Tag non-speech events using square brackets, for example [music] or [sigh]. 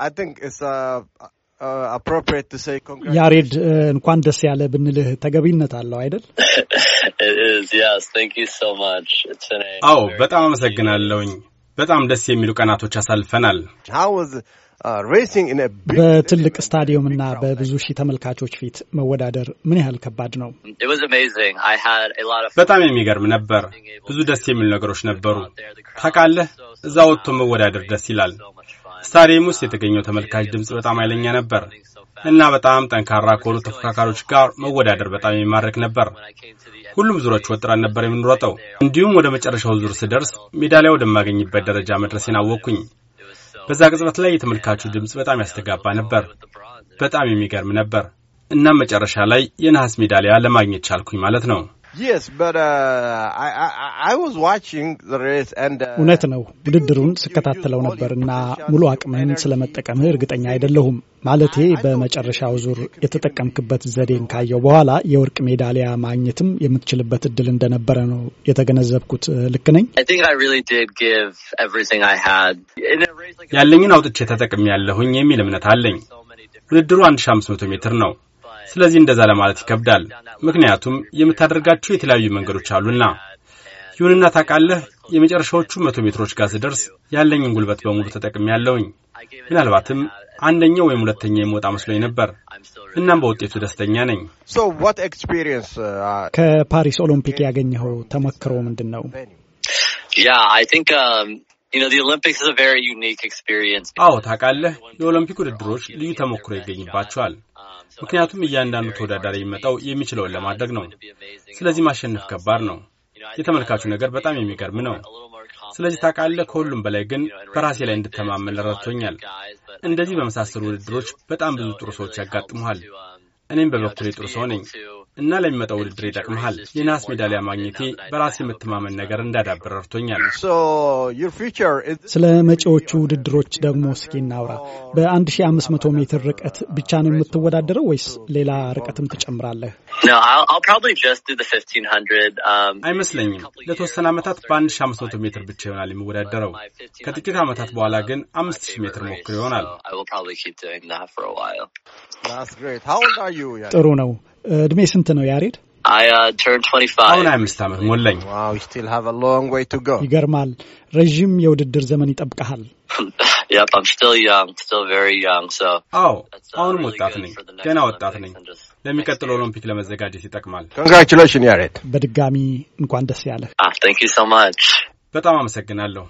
Uh, uh, ያሬድ uh, እንኳን ደስ ያለ ብንልህ ተገቢነት አለው አይደል? [laughs] አዎ፣ በጣም አመሰግናለሁኝ። በጣም ደስ የሚሉ ቀናቶች አሳልፈናል። በትልቅ እና በብዙ ሺህ ተመልካቾች ፊት መወዳደር ምን ያህል ከባድ ነው? በጣም የሚገርም ነበር። ብዙ ደስ የሚሉ ነገሮች ነበሩ። ታውቃለህ፣ እዛ ወጥቶ መወዳደር ደስ ይላል። ስታዲየም ውስጥ የተገኘው ተመልካች ድምፅ በጣም ኃይለኛ ነበር እና በጣም ጠንካራ ከሆኑ ተፎካካሪዎች ጋር መወዳደር በጣም የሚማርክ ነበር። ሁሉም ዙሮች ወጥረን ነበር የምንሮጠው። እንዲሁም ወደ መጨረሻው ዙር ስደርስ ሜዳሊያ ወደማገኝበት ደረጃ መድረሴን አወቅኩኝ። በዛ ቅጽበት ላይ የተመልካቹ ድምፅ በጣም ያስተጋባ ነበር። በጣም የሚገርም ነበር። እናም መጨረሻ ላይ የነሐስ ሜዳሊያ ለማግኘት ቻልኩኝ ማለት ነው። Yes, but uh, I, I, I was watching the race and uh, እውነት ነው ውድድሩን ስከታተለው ነበር እና ሙሉ አቅምህን ስለመጠቀምህ እርግጠኛ አይደለሁም። ማለቴ በመጨረሻው ዙር የተጠቀምክበት ዘዴን ካየው በኋላ የወርቅ ሜዳሊያ ማግኘትም የምትችልበት እድል እንደነበረ ነው የተገነዘብኩት። ልክ ነኝ? ያለኝን አውጥቼ ተጠቅሜ ያለሁኝ የሚል እምነት አለኝ። ውድድሩ 1500 ሜትር ነው። ስለዚህ እንደዛ ለማለት ይከብዳል። ምክንያቱም የምታደርጋቸው የተለያዩ መንገዶች አሉና። ይሁንና ታውቃለህ፣ የመጨረሻዎቹ መቶ ሜትሮች ጋር ስደርስ ያለኝን ጉልበት በሙሉ ተጠቅሜ ያለውኝ። ምናልባትም አንደኛው ወይም ሁለተኛ የመወጣ መስሎኝ ነበር። እናም በውጤቱ ደስተኛ ነኝ። uh, ከፓሪስ ኦሎምፒክ ያገኘኸው ተሞክሮ ምንድን ነው? አዎ ታውቃለህ፣ የኦሎምፒክ ውድድሮች ልዩ ተሞክሮ ይገኝባቸዋል። ምክንያቱም እያንዳንዱ ተወዳዳሪ የሚመጣው የሚችለውን ለማድረግ ነው። ስለዚህ ማሸነፍ ከባድ ነው። የተመልካቹ uh, ነገር በጣም የሚገርም ነው። ስለዚህ ታውቃለህ፣ ከሁሉም በላይ ግን በራሴ ላይ እንድተማመን ረድቶኛል። እንደዚህ በመሳሰሉ uh, ውድድሮች በጣም ብዙ ጥሩ ሰዎች ያጋጥመዋል um, እኔም በበኩሌ ጥሩ ሰው ነኝ። እና ለሚመጣው ውድድር ይጠቅመሃል። የናስ ሜዳሊያ ማግኘቴ በራሴ የምትማመን ነገር እንዳዳብር ረድቶኛል። ስለ መጪዎቹ ውድድሮች ደግሞ እስኪ እናውራ። በ1500 ሜትር ርቀት ብቻ ነው የምትወዳደረው ወይስ ሌላ ርቀትም ትጨምራለህ? Um, አይመስለኝም። ለተወሰነ ዓመታት በ1500 ሜትር ብቻ ይሆናል የምወዳደረው። ከጥቂት ዓመታት በኋላ ግን 5000 ሜትር ሞክር ይሆናል። uh, ጥሩ ነው። እድሜ ስንት ነው ያሬድ? Uh, አሁን አምስት ዓመት ሞላኝ። ይገርማል። ረዥም የውድድር ዘመን ይጠብቀሃል። [laughs] አዎ uh, አሁንም ወጣት ነኝ፣ ገና ወጣት ነኝ። ለሚቀጥለው ኦሎምፒክ ለመዘጋጀት ይጠቅማል። ኮንግራቹሌሽን ያሬድ፣ በድጋሚ እንኳን ደስ ያለህ። ah, በጣም አመሰግናለሁ።